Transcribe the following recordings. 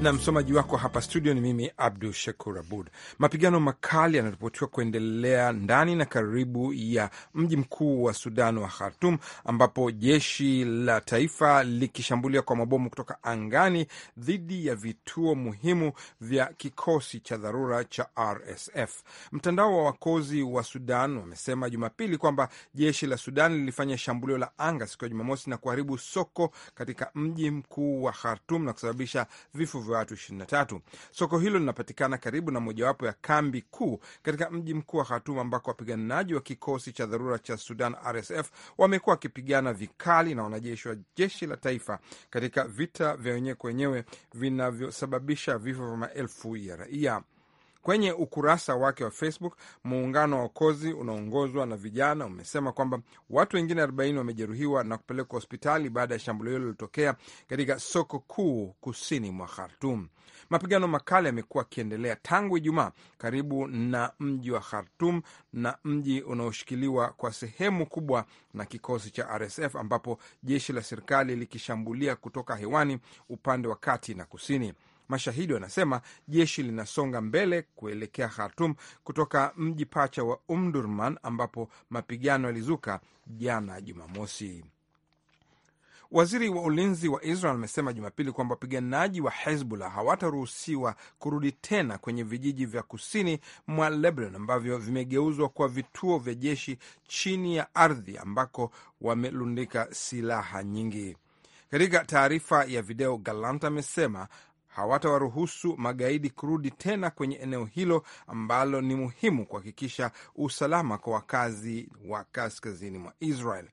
na msomaji wako hapa studio ni mimi Abdu Shakur Abud. Mapigano makali yanaripotiwa kuendelea ndani na karibu ya mji mkuu wa Sudan wa Khartum, ambapo jeshi la taifa likishambulia kwa mabomu kutoka angani dhidi ya vituo muhimu vya kikosi cha dharura cha RSF. Mtandao wa wakozi wa Sudan wamesema Jumapili kwamba jeshi la Sudan lilifanya shambulio la anga siku ya Jumamosi na kuharibu soko katika mji mkuu wa Khartum na kusababisha vifo vya watu 23. Soko hilo linapatikana karibu na mojawapo ya kambi kuu katika mji mkuu wa Khartoum, ambako wapiganaji wa kikosi cha dharura cha Sudan RSF wamekuwa wakipigana vikali na wanajeshi wa jeshi la taifa katika vita vya wenyewe kwa wenyewe vinavyosababisha vifo vya maelfu ya raia. Kwenye ukurasa wake wa Facebook, muungano wa Okozi unaongozwa na vijana umesema kwamba watu wengine 40 wamejeruhiwa na kupelekwa hospitali baada ya shambulio hilo lilotokea katika soko kuu kusini mwa Khartum. Mapigano makali yamekuwa akiendelea tangu Ijumaa karibu na mji wa Khartum na mji unaoshikiliwa kwa sehemu kubwa na kikosi cha RSF, ambapo jeshi la serikali likishambulia kutoka hewani upande wa kati na kusini. Mashahidi wanasema jeshi linasonga mbele kuelekea Khartum kutoka mji pacha wa Umdurman ambapo mapigano yalizuka jana Jumamosi. Waziri wa ulinzi wa Israel amesema Jumapili kwamba wapiganaji wa Hezbollah hawataruhusiwa kurudi tena kwenye vijiji vya kusini mwa Lebanon ambavyo vimegeuzwa kwa vituo vya jeshi chini ya ardhi ambako wamelundika silaha nyingi. Katika taarifa ya video, Galant amesema hawatawaruhusu magaidi kurudi tena kwenye eneo hilo ambalo ni muhimu kuhakikisha usalama kwa wakazi wa kaskazini mwa Israel.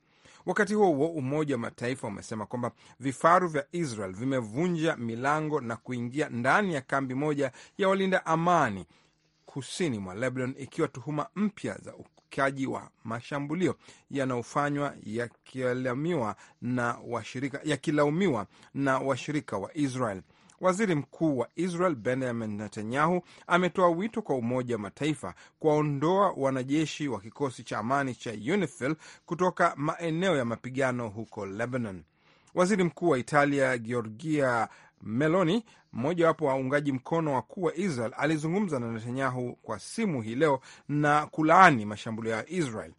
Wakati huo huo, Umoja wa Mataifa umesema kwamba vifaru vya Israel vimevunja milango na kuingia ndani ya kambi moja ya walinda amani kusini mwa Lebanon, ikiwa tuhuma mpya za ukiukaji wa mashambulio yanayofanywa yakilaumiwa na washirika, yakilaumiwa na washirika wa Israel. Waziri Mkuu wa Israel Benjamin Netanyahu ametoa wito kwa Umoja wa Mataifa kuwaondoa wanajeshi wa kikosi cha amani cha UNIFIL kutoka maeneo ya mapigano huko Lebanon. Waziri Mkuu wa Italia Giorgia Meloni, mmojawapo wa uungaji mkono wakuu wa Israel, alizungumza na Netanyahu kwa simu hii leo na kulaani mashambulio ya Israel.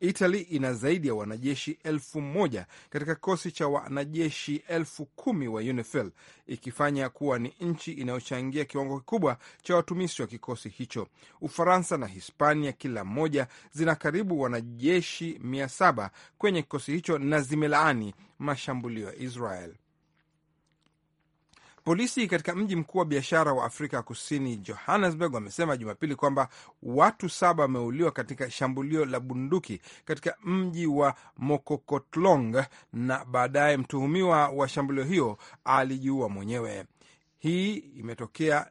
Italy ina zaidi ya wanajeshi elfu moja katika kikosi cha wanajeshi elfu kumi wa UNIFIL, ikifanya kuwa ni nchi inayochangia kiwango kikubwa cha watumishi wa kikosi hicho. Ufaransa na Hispania kila mmoja zina karibu wanajeshi mia saba kwenye kikosi hicho na zimelaani mashambulio ya Israel. Polisi katika mji mkuu wa biashara wa Afrika Kusini, Johannesburg, wamesema Jumapili kwamba watu saba wameuliwa katika shambulio la bunduki katika mji wa Mokokotlong, na baadaye mtuhumiwa wa shambulio hiyo alijiua mwenyewe. Hii imetokea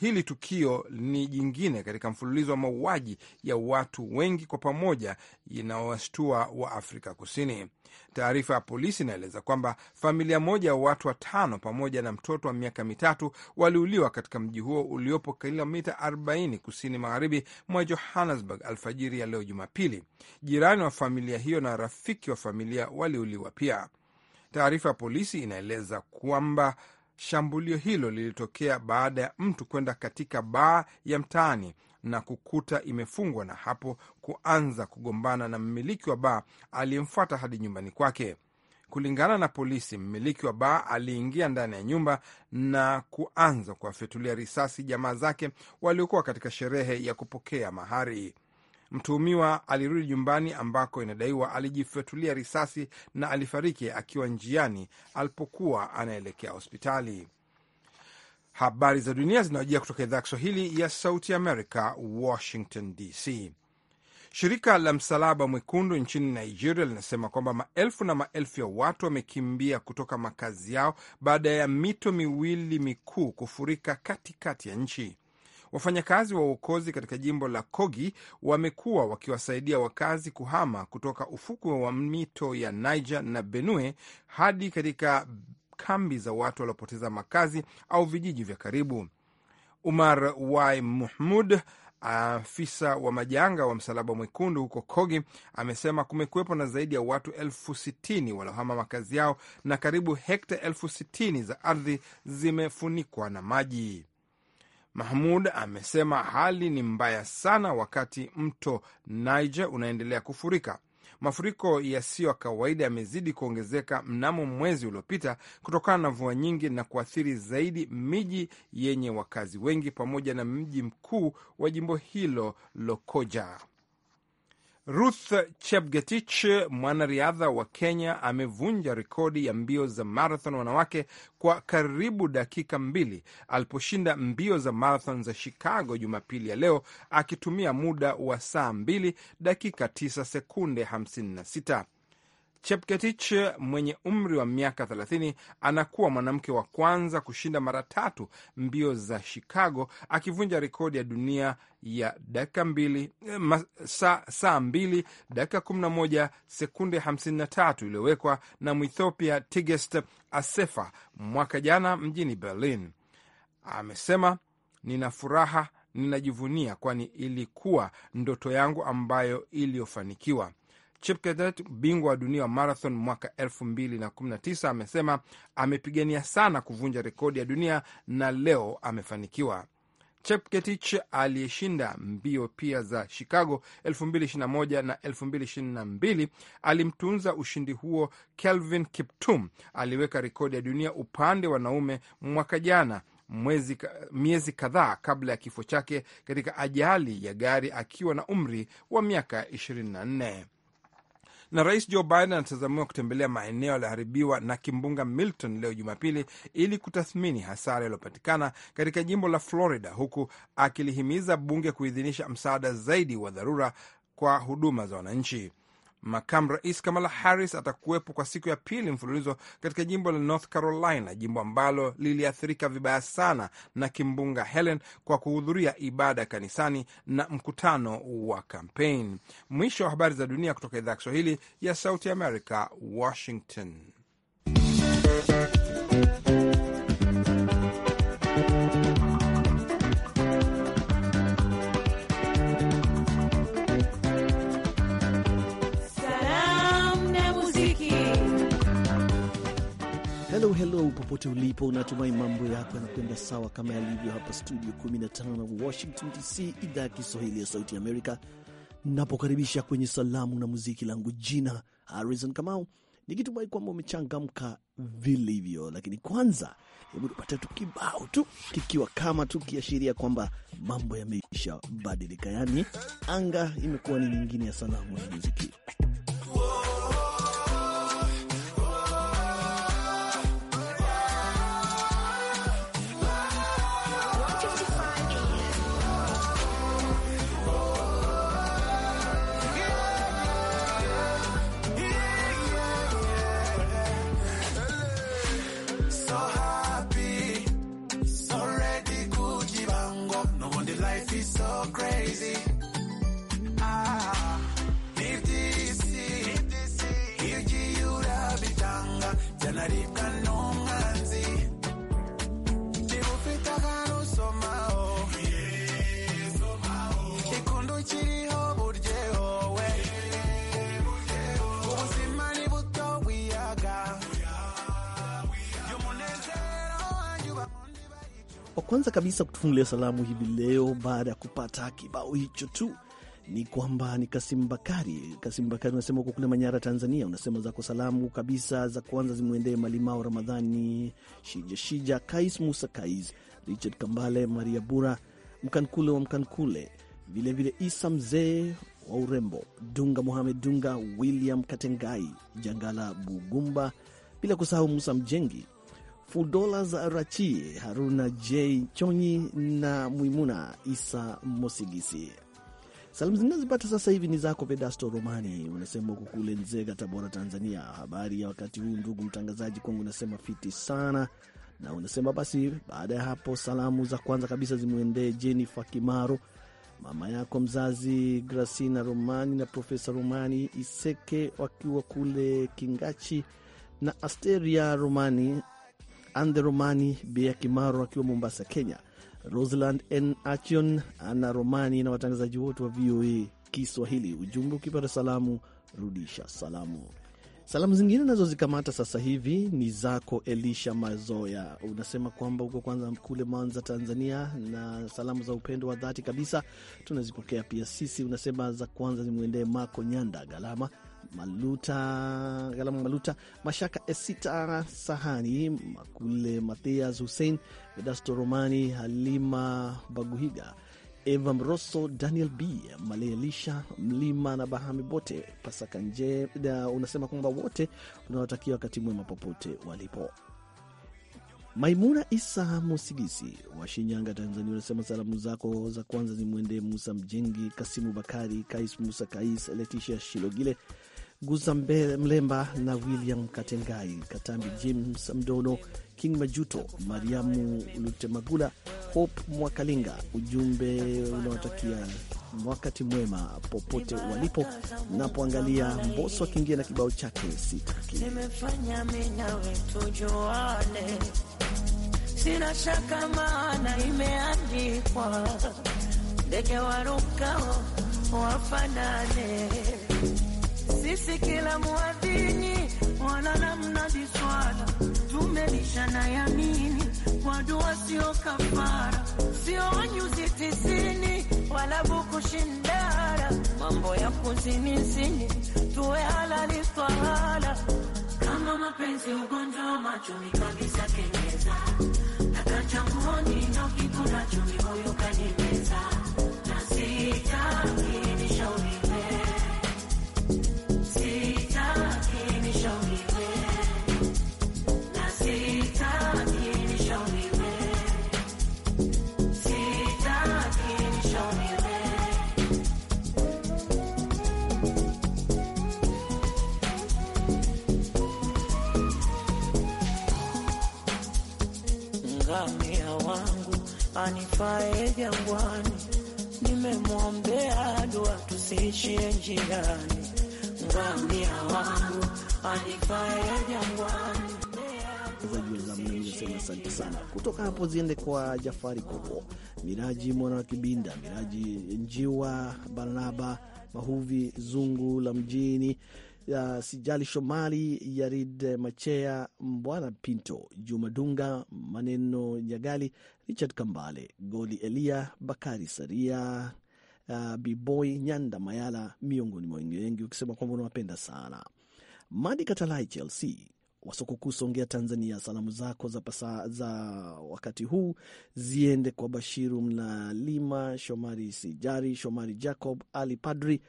Hili tukio ni jingine katika mfululizo wa mauaji ya watu wengi kwa pamoja inayowashtua wa Afrika Kusini. Taarifa ya polisi inaeleza kwamba familia moja ya watu watano pamoja na mtoto wa miaka mitatu waliuliwa katika mji huo uliopo kilomita 40 kusini magharibi mwa Johannesburg alfajiri ya leo Jumapili. Jirani wa familia hiyo na rafiki wa familia waliuliwa pia. Taarifa ya polisi inaeleza kwamba shambulio hilo lilitokea baada ya mtu kwenda katika baa ya mtaani na kukuta imefungwa na hapo kuanza kugombana na mmiliki wa baa aliyemfuata hadi nyumbani kwake. Kulingana na polisi, mmiliki wa baa aliingia ndani ya nyumba na kuanza kuwafyatulia risasi jamaa zake waliokuwa katika sherehe ya kupokea mahari. Mtuhumiwa alirudi nyumbani ambako inadaiwa alijifyatulia risasi na alifariki akiwa njiani alipokuwa anaelekea hospitali. Habari za dunia zinawajia kutoka idhaa ya Kiswahili ya Sauti Amerika, Washington DC. Shirika la Msalaba Mwekundu nchini Nigeria linasema kwamba maelfu na maelfu ya watu wamekimbia kutoka makazi yao baada ya mito miwili mikuu kufurika katikati ya nchi. Wafanyakazi wa uokozi katika jimbo la Kogi wamekuwa wakiwasaidia wakazi kuhama kutoka ufukwe wa mito ya Niger na Benue hadi katika kambi za watu waliopoteza makazi au vijiji vya karibu. Umar Wai Muhmud, afisa wa majanga wa Msalaba Mwekundu huko Kogi, amesema kumekuwepo na zaidi ya watu elfu sitini waliohama makazi yao na karibu hekta elfu sitini za ardhi zimefunikwa na maji. Mahmud amesema hali ni mbaya sana, wakati mto Niger unaendelea kufurika. Mafuriko yasiyo ya kawaida yamezidi kuongezeka mnamo mwezi uliopita kutokana na mvua nyingi na kuathiri zaidi miji yenye wakazi wengi pamoja na mji mkuu wa jimbo hilo Lokoja. Ruth Chepgetich, mwanariadha wa Kenya, amevunja rekodi ya mbio za marathon wanawake kwa karibu dakika mbili aliposhinda mbio za marathon za Chicago Jumapili ya leo akitumia muda wa saa mbili dakika 9 sekunde 56. Chepketich mwenye umri wa miaka 30 anakuwa mwanamke wa kwanza kushinda mara tatu mbio za Chicago, akivunja rekodi ya dunia ya dakika mbili, eh, saa, saa dakika 11 sekunde 53 iliyowekwa na Mwethiopia Tigist Asefa mwaka jana mjini Berlin. Amesema, nina furaha, ninajivunia, kwani ilikuwa ndoto yangu ambayo iliyofanikiwa. Chepketet, bingwa wa dunia wa marathon mwaka 2019, amesema amepigania sana kuvunja rekodi ya dunia na leo amefanikiwa. Chepketich aliyeshinda mbio pia za Chicago 2021 na 2022 alimtunza ushindi huo Kelvin Kiptum aliweka rekodi ya dunia upande wanaume mwaka jana mwezi, miezi kadhaa kabla ya kifo chake katika ajali ya gari akiwa na umri wa miaka 24. Na Rais Joe Biden anatazamiwa kutembelea maeneo yaliyoharibiwa na kimbunga Milton leo Jumapili ili kutathmini hasara iliyopatikana katika jimbo la Florida, huku akilihimiza bunge kuidhinisha msaada zaidi wa dharura kwa huduma za wananchi. Makamu Rais Kamala Harris atakuwepo kwa siku ya pili mfululizo katika jimbo la North Carolina, jimbo ambalo liliathirika vibaya sana na kimbunga Helen, kwa kuhudhuria ibada kanisani na mkutano wa kampeni. Mwisho wa habari za dunia kutoka idhaa ya Kiswahili ya Sauti America, Washington. Hello popote ulipo, unatumai mambo yako yanakwenda sawa kama yalivyo hapa studio 15 Washington DC, idhaa ya Kiswahili ya Sauti Amerika. Napokaribisha kwenye salamu na muziki, langu jina Harrison Kamau, nikitumai kwamba umechangamka vilivyo. Lakini kwanza, hebu tupate tu kibao tu kikiwa kama tu kiashiria kwamba mambo yameisha badilika, yaani anga imekuwa ni nyingine ya salamu na muziki. kwanza kabisa kutufungulia salamu hivi leo baada ya kupata kibao hicho tu ni kwamba ni Kasim Bakari. Kasim Bakari unasema uko kule Manyara, Tanzania. Unasema zako salamu kabisa za kwanza zimwendee Malimao Ramadhani, Shija Shija, Kais Musa, Kais Richard Kambale, Maria Bura, Mkankule wa Mkankule, vilevile vile Isa mzee wa urembo, Dunga Muhamed Dunga, William Katengai, Jangala Bugumba, bila kusahau Musa Mjengi Fudolas Rachi, Haruna J Chonyi na Mwimuna Isa Mosigisi. Salamu zinazipata sasa hivi ni zako Vedasto Romani, unasema huko kule Nzega, Tabora, Tanzania. Habari ya wakati huu ndugu mtangazaji, kwangu unasema fiti sana, na unasema basi. Baada ya hapo, salamu za kwanza kabisa zimwendee Jenifa Kimaro, mama yako mzazi Grasina Romani na Profesa Romani Iseke wakiwa kule Kingachi, na Asteria Romani Romani, Bea Kimaro akiwa Mombasa, Kenya, Rosland N Achion, Ana Romani na watangazaji wote wa VOA Kiswahili. Ujumbe ukipata salamu, rudisha salamu. Salamu zingine nazozikamata sasa hivi ni zako Elisha Mazoya. Unasema kwamba huko kwanza kule Mwanza, Tanzania, na salamu za upendo wa dhati kabisa tunazipokea pia sisi. Unasema za kwanza zimwendee Mako Nyanda Galama Maluta, Galama, Maluta, Mashaka Esita Sahani, Makule Mathias Hussein, Vedasto Romani, Halima Baguhiga, Eva Mroso, Daniel B Malelisha Mlima na Bahami bote Pasaka nje. Unasema kwamba wote unawatakia wakati mwema popote walipo. Maimuna Isa Musigisi wa Shinyanga, Tanzania, unasema salamu zako za kwanza zimwendee Musa Mjengi, Kasimu Bakari, Kais Musa, Kais Letisha Shilogile, Mbe, Mlemba na William Katengai, Katambi James Mdono, King Majuto, Mariamu Lutemagula, Hope Mwakalinga. Ujumbe unawatakia wakati mwema popote walipo. Napoangalia Mboso akiingia na kibao chake sitaki Sina shaka maana imeandikwa, ndege warukao wafanane sisi kila muadhini walala mnadiswala, tumelishana yamini, wadua sio kafara, sio wanyuzi tisini wala bukushindara, mambo ya kuzinizini tuwe halali twala, kama mapenzi ugonjwa machoni kabisa kengeza, takachanguoni ndo kikunacho mioyo kanimeza na anifae jangwani, nimemwombea dua tusiishie njiani, ngamia wangu anifae jangwani. asante sana. Kutoka hapo ziende kwa Jafari Kopo, Miraji mwana wa Kibinda, Miraji Njiwa, Barnaba Mahuvi, Zungu la Mjini, ya Sijali Shomali, Yarid Machea, Mbwana Pinto, Juma Dunga, Maneno Nyagali Richard Kambale, Goli Elia, Bakari Saria, uh, Biboi Nyanda Mayala, miongoni mwa wengine wengi, ukisema kwamba unawapenda sana. Madi Katalai, Chelsea kuu Songea, Tanzania. Salamu zako za pasa, za wakati huu ziende kwa Bashiru Lima, Shomari Sijari, Shomari Jacob, Ali Padri,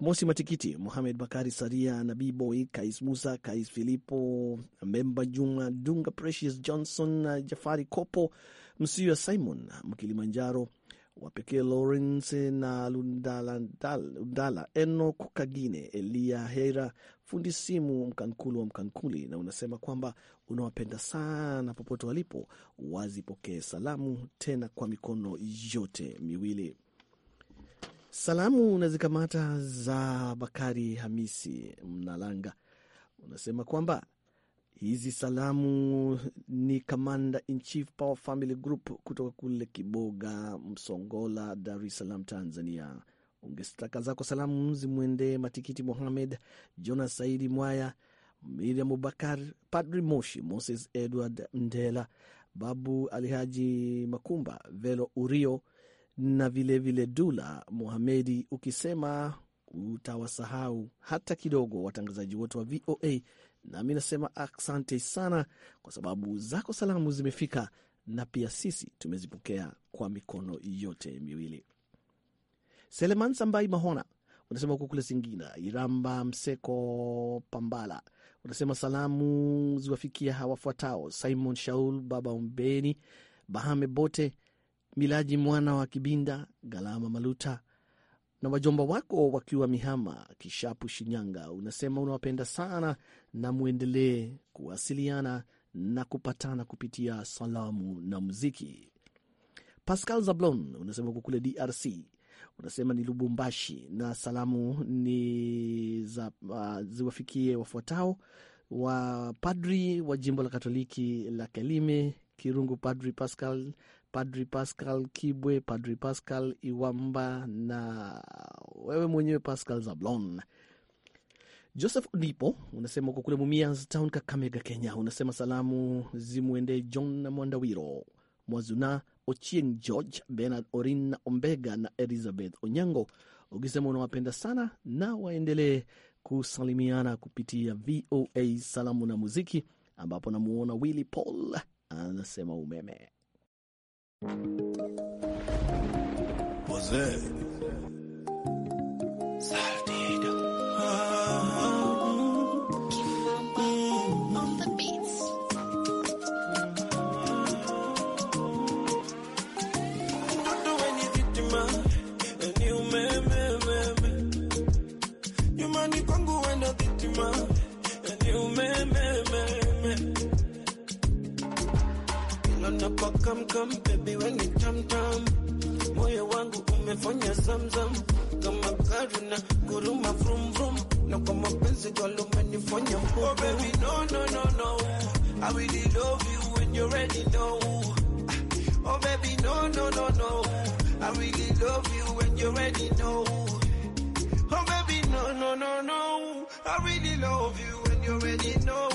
Mosi Matikiti, muhamed Bakari Saria, Nabii Boy, Kais Musa, Kais Filipo Memba, Juma Dunga, Precious Johnson, Jafari Kopo msiwa Simon Mkilimanjaro wa pekee Lawrence na Lundala, Lundala Enok Kagine Elia Heira fundi simu Mkankulu wa Mkankuli, na unasema kwamba unawapenda sana popote walipo, wazipokee salamu tena kwa mikono yote miwili. Salamu na zikamata za Bakari Hamisi Mnalanga, unasema kwamba Hizi salamu ni Kamanda in Chief Power Family Group kutoka kule Kiboga, Msongola, Dar es Salaam, Tanzania. ungestaka zako salamu zimwendee Matikiti Mohamed, Jonas Saidi Mwaya, Miriam Abubakar, Padri Moshi, Moses Edward Mndela, Babu Alihaji Makumba, Velo Urio na vilevile vile Dula Mohamedi, ukisema utawasahau hata kidogo watangazaji wote wa VOA nami nasema asante sana kwa sababu zako salamu zimefika na pia sisi tumezipokea kwa mikono yote miwili. Seleman Sambai Mahona unasema huko kule Singida, Iramba Mseko Pambala, unasema salamu ziwafikia hawafuatao: Simon Shaul, Baba Umbeni, Bahame Bote, Milaji mwana wa Kibinda, Galama Maluta na wajomba wako wakiwa Mihama, Kishapu, Shinyanga. Unasema unawapenda sana na mwendelee kuwasiliana na kupatana kupitia salamu na muziki. Pascal Zablon unasema uko kule DRC, unasema ni Lubumbashi na salamu ni za, uh, ziwafikie wafuatao wa padri wa jimbo la Katoliki la Kelime Kirungu, Padri Pascal, Padri Pascal Kibwe, Padri Pascal Iwamba na wewe mwenyewe Pascal Zablon Joseph Odipo unasema uko kule Town, Kakamega, Kenya. Unasema salamu zimwendee John na Mwandawiro Mwazuna Ochieng, George Benard Orin na Ombega na Elizabeth Onyango, ukisema unawapenda sana na waendelee kusalimiana kupitia VOA salamu na muziki, ambapo namuona Willy Paul anasema umeme Wazee. come come baby when you moyo wangu umefanya kama na vrum vrum, na kwa mapenzi ah, Oh baby no no no no, I really love you when you already know. Oh baby no no no no, I really love you when you already know. Oh baby no no no no, I really love you when you already know.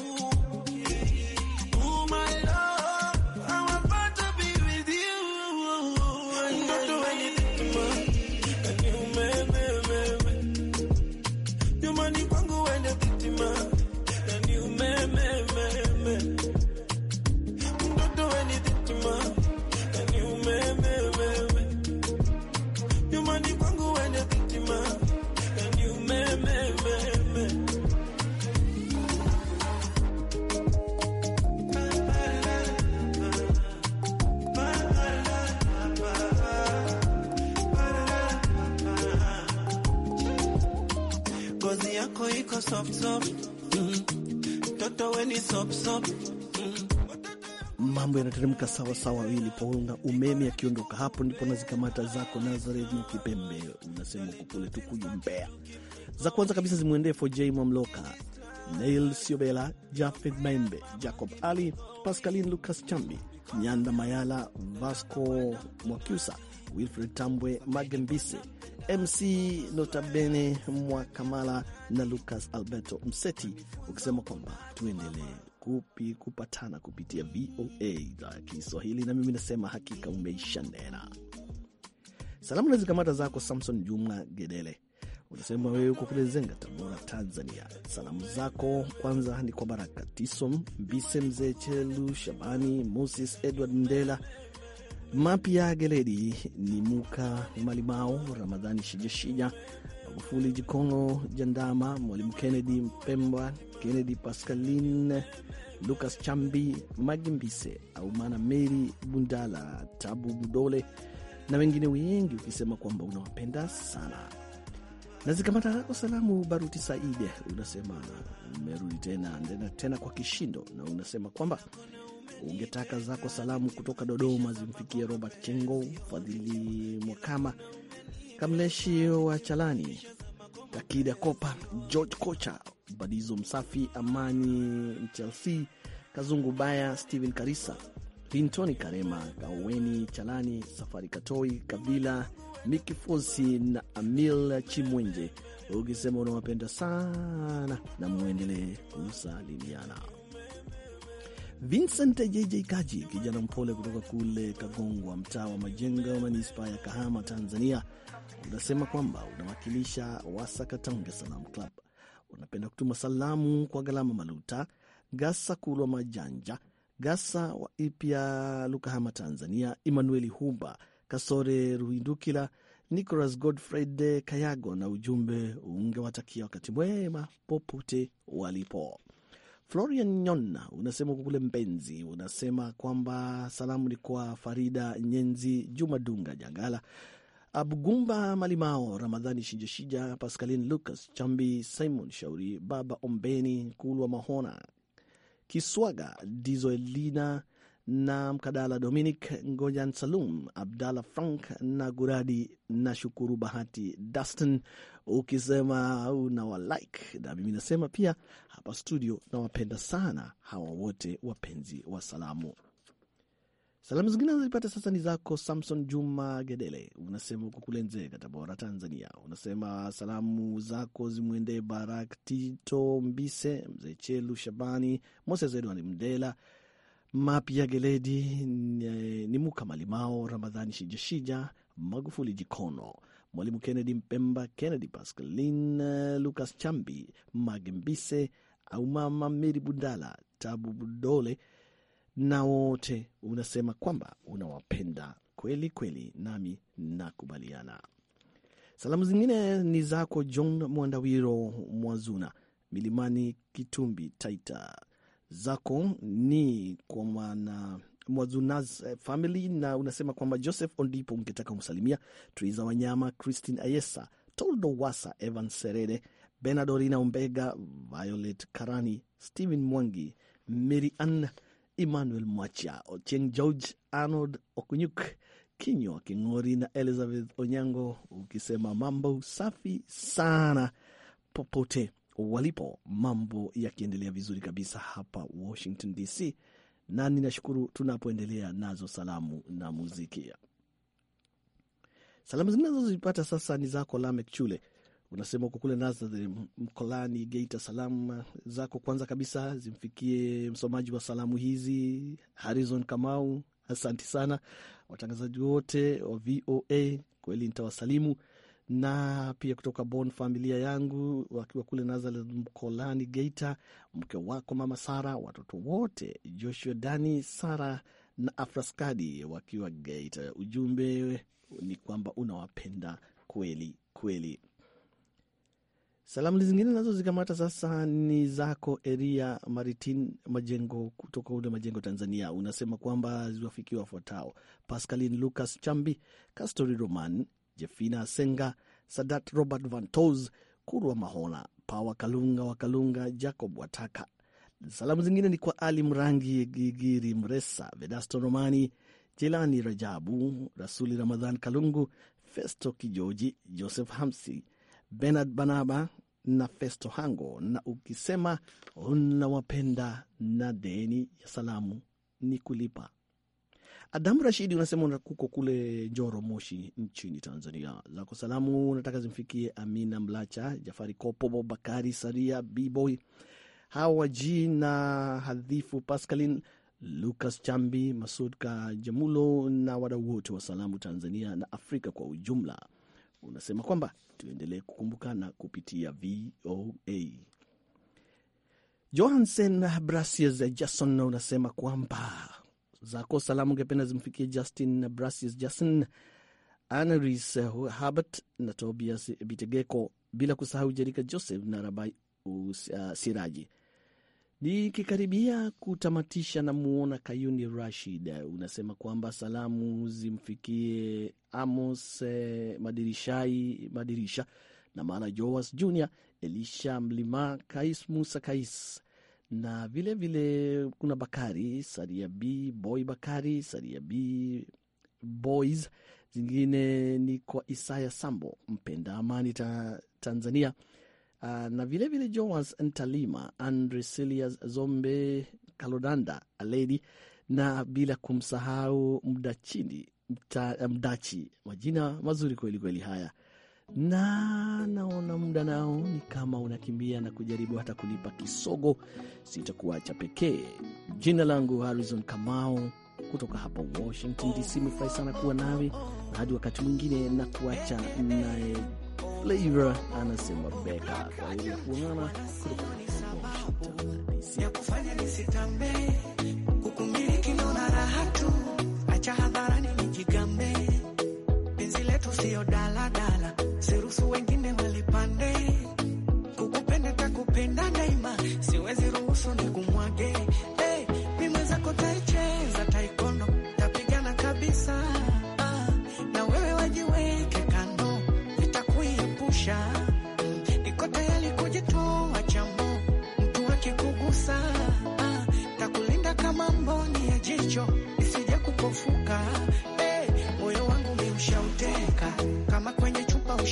soft soft, mtoto mm. soft soft. Mm. Mambo yanateremka sawa sawa, wilipoona umeme akiondoka, hapo ndipo nazikamata zako Nazareth na Kipembe, unasema huko kule Tukuyu, Mbeya. Za kwanza kabisa zimwendee j mamloka Nail Siobela, Jafet Maembe, Jacob Ali, Pascaline Lucas Chambi, Nyanda Mayala, Vasco Mwakyusa Wilfred Tambwe Magembise, MC Notabene Mwakamala na Lucas Alberto Mseti, ukisema kwamba tuendelee kupi kupatana kupitia VOA idhaa ya Kiswahili, na mimi nasema hakika umeisha nena. Salamu na zikamata zako Samson Juma Gedele, unasema wewe uko kule Zenga, Tabora, Tanzania. Salamu zako kwanza ni kwa Baraka Tisom Mbise, Mzee Chelu Shabani, Moses Edward Ndela mapya Geledi ni Muka Malimao, Ramadhani Shijashija, Magufuli Jikongo, Jandama, Mwalimu Kennedy Mpemba, Kennedy Pascaline, Lucas Chambi, Magimbise, Aumana Meri Bundala, Tabu budole na wengine wengi, ukisema kwamba unawapenda sana. Na zikamata zako salamu. Baruti Saide unasema umerudi tena tena tena kwa kishindo, na unasema kwamba ungetaka zako salamu kutoka Dodoma zimfikie Robert Chengo, Fadhili Mwakama, Kamleshi wa Chalani, Takida Kopa, George Kocha, Badizo Msafi, Amani chlc Kazungu Baya, stehen Karisa, Lintoni Karema, Kaweni Chalani, Safari Katoi, kabila Miki Fosi na Amil Chimwenje, ukisema unawapenda sana na mwendelee kusalimiana. Vincent JJ Kaji, kijana mpole kutoka kule Kagongwa, mtaa wa Majengo, manispaa ya Kahama, Tanzania, unasema kwamba unawakilisha Wasakatonge Salam Club. Unapenda kutuma salamu kwa Galama Maluta, Gasa Kulwa Majanja, Gasa wa Ipya, Lukahama, Tanzania, emanueli Humba, Kasore Ruhindukila, Nicolas Godfred Kayago, na ujumbe ungewatakia wakati mwema popote walipo. Florian Nyona unasema uko kule Mpenzi, unasema kwamba salamu ni kwa Farida Nyenzi, Juma Dunga, Jangala Abgumba, Malimao, Ramadhani Shijashija, Pascaline Lucas Chambi, Simon Shauri, Baba Ombeni, Kulwa Mahona, Kiswaga, Dizoelina na Mkadala Dominic Ngojan Salum, Abdalla Frank na Guradi na Shukuru Bahati Dustin, ukisema una walike na mimi nasema pia hapa studio nawapenda sana hawa wote wapenzi wa salamu. Salamu zingine nazipata sasa ni zako Samson Juma Gedele, unasema huko kule Nzega, Tabora, Tanzania. Unasema salamu zako zimwendee Barak Tito Mbise, Mzee Chelu Shabani, Moses Edwani Mdela, mapya Geledi ni Muka Malimao, Ramadhani Shijashija, Magufuli Jikono, Mwalimu Kennedy Mpemba, Kennedy Pascalin, Lucas Chambi, Magembise au Mama Meri Bundala, Tabu Budole, na wote unasema kwamba unawapenda kweli kweli, nami nakubaliana. Salamu zingine ni zako John Mwandawiro Mwazuna, Milimani Kitumbi, Taita zako ni kwa mwana Mwazunaz eh, family na unasema kwamba Joseph Ondipo ungetaka kumsalimia Tuiza Wanyama, Christine Ayesa, Toldo Wasa, Evan Serere, Benadorina Umbega, Violet Karani, Stephen Mwangi, Mary Ann Emmanuel Mwacha, Ochieng George, Arnold Okunyuk, Kinywa King'ori na Elizabeth Onyango, ukisema mambo safi sana popote walipo, mambo yakiendelea vizuri kabisa hapa Washington DC, na ninashukuru tunapoendelea nazo salamu na muziki. Salamu zinazozipata sasa ni zako Lamek Chule, unasema uko kule Nazareth Mkolani, Geita. Salamu zako kwanza kabisa zimfikie msomaji wa salamu hizi harizon Kamau, asanti sana watangazaji wote wa VOA, kweli nitawasalimu na pia kutoka bon familia yangu wakiwa kule Nazareth Mkolani Geita, mke wako mama Sara, watoto wote Joshua, Dani, Sara na Afraskadi wakiwa Geita. Ujumbe ni kwamba unawapenda kweli kweli. Salamu zingine nazo zikamata sasa ni zako Eria Maritin Majengo kutoka ule Majengo, Tanzania. Unasema kwamba ziwafikia wafuatao: Pascalin Lucas Chambi, Castori Roman Jefina Senga, Sadat Robert Van Tos, Kurwa Mahola, Pawa Kalunga wa Kalunga, Jacob Wataka. Salamu zingine ni kwa Ali Mrangi, Gigiri Mresa, Vedasto Romani, Jelani Rajabu, Rasuli Ramadhan Kalungu, Festo Kijoji, Joseph Hamsi, Benard Banaba na Festo Hango, na ukisema unawapenda na deni ya salamu ni kulipa. Adamu Rashidi, unasema unakuko kule Njoro, Moshi nchini Tanzania. Zako salamu unataka zimfikie Amina Mlacha, Jafari Kopo, Bakari Saria, Bboy Hawa na Hadhifu Pascalin, Lucas Chambi, Masud Kajamulo na wadau wote wa salamu Tanzania na Afrika kwa ujumla. Unasema kwamba tuendelee kukumbukana kupitia VOA. Johansen Brasius Jason unasema kwamba zako salamu ungependa zimfikie Justin brasis Jason Anris, habert na Tobias Bitegeko, bila kusahau Jerika Joseph na Rabai uh, Siraji. Nikikaribia kutamatisha, namuona Kayuni Rashid, uh, unasema kwamba salamu zimfikie Amos uh, Madirishai Madirisha na maana Joas Junior, Elisha Mlima, Kais Musa Kais na vilevile vile kuna Bakari Saria B Boy, Bakari Saria B Boys. Zingine ni kwa Isaya Sambo, mpenda amani ta, Tanzania uh, na vilevile Joas Ntalima, Andre Silias Zombe, Kalodanda Aledi na bila kumsahau Mdachini Mdachi. Majina mazuri kweli kweli haya na naona muda nao ni kama unakimbia na kujaribu hata kunipa kisogo. Sitakuacha pekee. Jina langu Harrison Kamau kutoka hapa Washington DC. mefurahi sana kuwa nawe na hadi wakati mwingine, na kuacha naye Flavor anasema beka. Kwa kuonana kutoka Washington DC. sua indignação.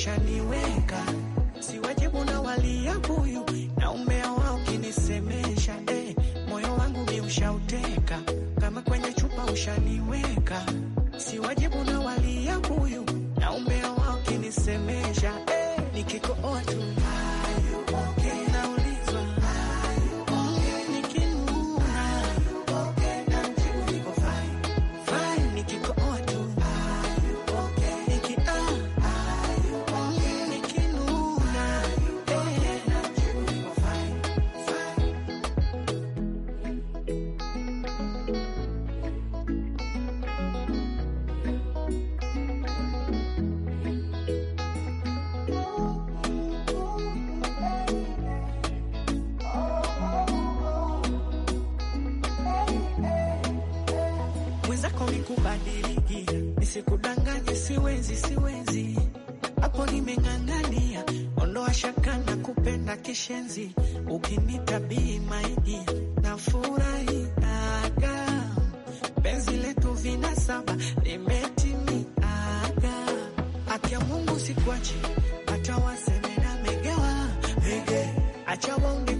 shall you hapo ni kubadilikia, nisikudanganye, siwezi siwezi, hapo nimeng'ang'ania, ondoa shaka na kupenda kishenzi, ukinitabii maidi na furahi aga, penzi letu vina saba limetimi aga, akia Mungu sikuache, hata waseme na megewa mege, acha waonge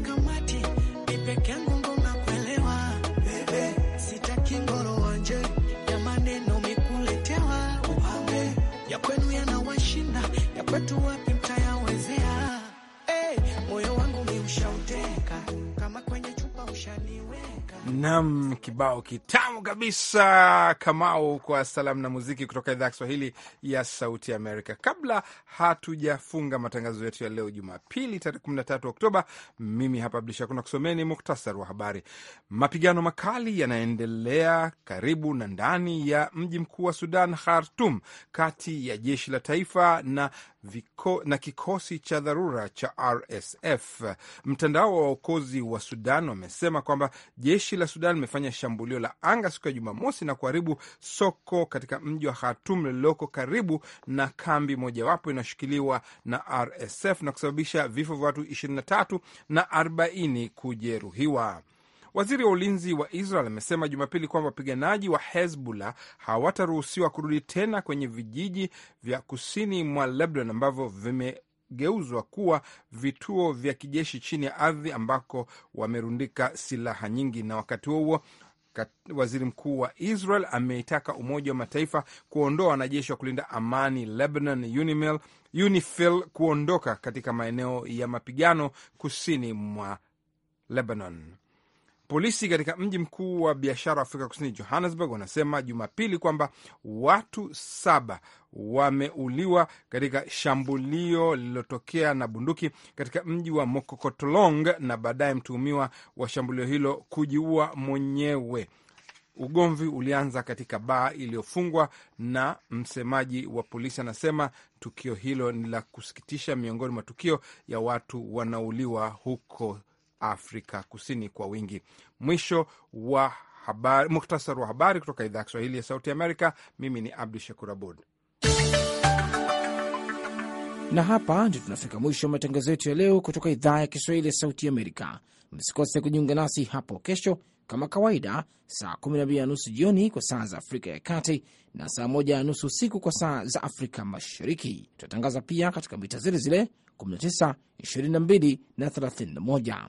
Nam, kibao kitamu kabisa Kamau, kwa salamu na muziki kutoka idhaa ya Kiswahili ya Sauti Amerika. Kabla hatujafunga matangazo yetu ya leo Jumapili tarehe 13 Oktoba, mimi hapa Abdu Shakur nakusomeni muktasar wa habari. Mapigano makali yanaendelea karibu na ndani ya mji mkuu wa Sudan, Khartum, kati ya jeshi la taifa na viko, na kikosi cha dharura cha RSF. Mtandao wa waokozi wa Sudan wamesema kwamba jeshi la Sudan limefanya shambulio la anga siku ya Jumamosi na kuharibu soko katika mji wa Khartoum lililoko karibu na kambi mojawapo inayoshikiliwa na RSF na kusababisha vifo vya watu 23 na 40 kujeruhiwa. Waziri wa ulinzi wa Israel amesema Jumapili kwamba wapiganaji wa Hezbollah hawataruhusiwa kurudi tena kwenye vijiji vya kusini mwa Lebanon ambavyo vimegeuzwa kuwa vituo vya kijeshi chini ya ardhi ambako wamerundika silaha nyingi. Na wakati huo huo Waziri mkuu wa Israel ameitaka Umoja wa Mataifa kuondoa wanajeshi wa kulinda amani Lebanon, UNIMIL, UNIFIL, kuondoka katika maeneo ya mapigano kusini mwa Lebanon. Polisi katika mji mkuu wa biashara wa Afrika Kusini, Johannesburg, wanasema Jumapili kwamba watu saba wameuliwa katika shambulio lililotokea na bunduki katika mji wa Mokokotolong na baadaye mtuhumiwa wa shambulio hilo kujiua mwenyewe. Ugomvi ulianza katika baa iliyofungwa, na msemaji wa polisi anasema tukio hilo ni la kusikitisha miongoni mwa tukio ya watu wanauliwa huko Afrika Kusini kwa wingi. Mwisho wa habari, muktasar wa habari kutoka idhaa ya Kiswahili ya Sauti Amerika. Mimi ni Abdu Shakur Abud, na hapa ndio tunafika mwisho wa matangazo yetu ya leo kutoka idhaa ya Kiswahili ya Sauti Amerika. Msikose kujiunga nasi hapo kesho kama kawaida, saa 12 na nusu jioni kwa saa za Afrika ya Kati na saa 1 na nusu usiku kwa saa za Afrika Mashariki. Tutatangaza pia katika mita zile zile 19, 22 na 31.